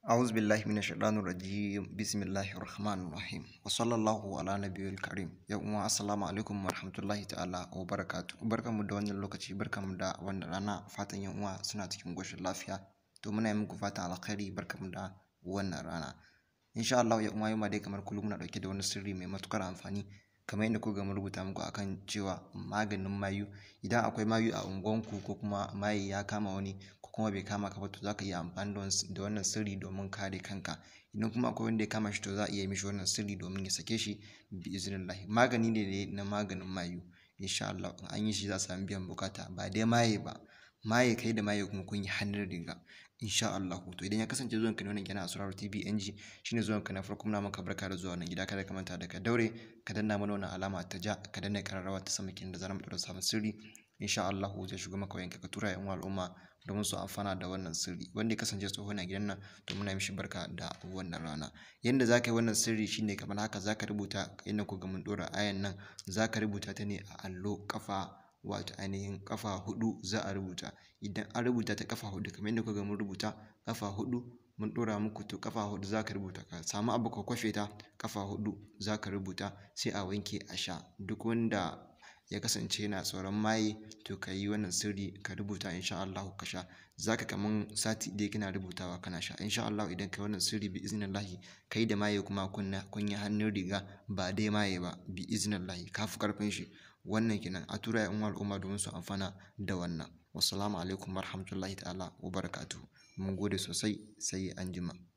أعوذ بالله من الشيطان الرجيم بسم الله الرحمن الرحيم وصلى الله على نبي الكريم يا أمة السلام عليكم ورحمة الله تعالى وبركاته بركم da wannan lokaci barkamu da wannan rana fatan yan uwa suna cikin goshin lafiya to muna yi muku fatan alkhairi barkamu da wannan rana insha Allah ya uwa yau ma kamar kullum muna dauke da wani sirri mai matukar amfani kamar inda kuka mu rubuta muku akan cewa maganin mayu idan akwai mayu a unguwanku ko kuma maye ya kama wani kuma bai kama ka ba to za ka iya amfani da wannan sirri domin kare kanka idan kuma akwai wanda ya kama shi to za a iya mishi wannan sirri domin ya sake shi bi iznillahi magani ne na maganin mayu insha Allah in an yi shi za a samu biyan bukata ba dai maye ba maye kai da maye kuma kun yi hannun riga insha Allah to idan ya kasance zuwan ka ne wannan kenan Asrar TV NG shine zuwan ka na farko muna maka barka da zuwa nan gida kada ka manta da ka daure ka danna mana wannan alama ta ja ka danna kararrawa ta sama kenan da zaran mu daura samun sirri insha Allah zai shiga maka wayanka ka tura yan al'umma domin su amfana da wannan sirri wanda ya kasance tsohon a gidan nan to muna mishi barka da wannan rana yanda za ka yi wannan sirri shine kamar haka za ka rubuta inda ku ga mun ɗora ayan nan za ka rubuta ta ne a allo kafa wato ainihin kafa hudu za a rubuta idan an rubuta ta kafa hudu kamar yadda ku ga mun rubuta kafa hudu mun ɗora muku to kafa hudu za ka rubuta ka samu abu ka kwafe ta kafa hudu za ka rubuta sai a wanke a sha duk wanda ya kasance yana tsoron maye to ka yi wannan sirri ka rubuta insha Allah ka sha za ka kaman sati ɗaya kana rubutawa kana sha insha Allah idan ka yi wannan sirri bi iznillahi kai da maye kuma kunna kunya hannun riga ba dai maye ba bi iznillahi ka fi karfin shi wannan kenan a tura yan al'umma domin su amfana da wannan wassalamu alaikum warahmatullahi ta'ala wa barakatu mun gode sosai sai anjima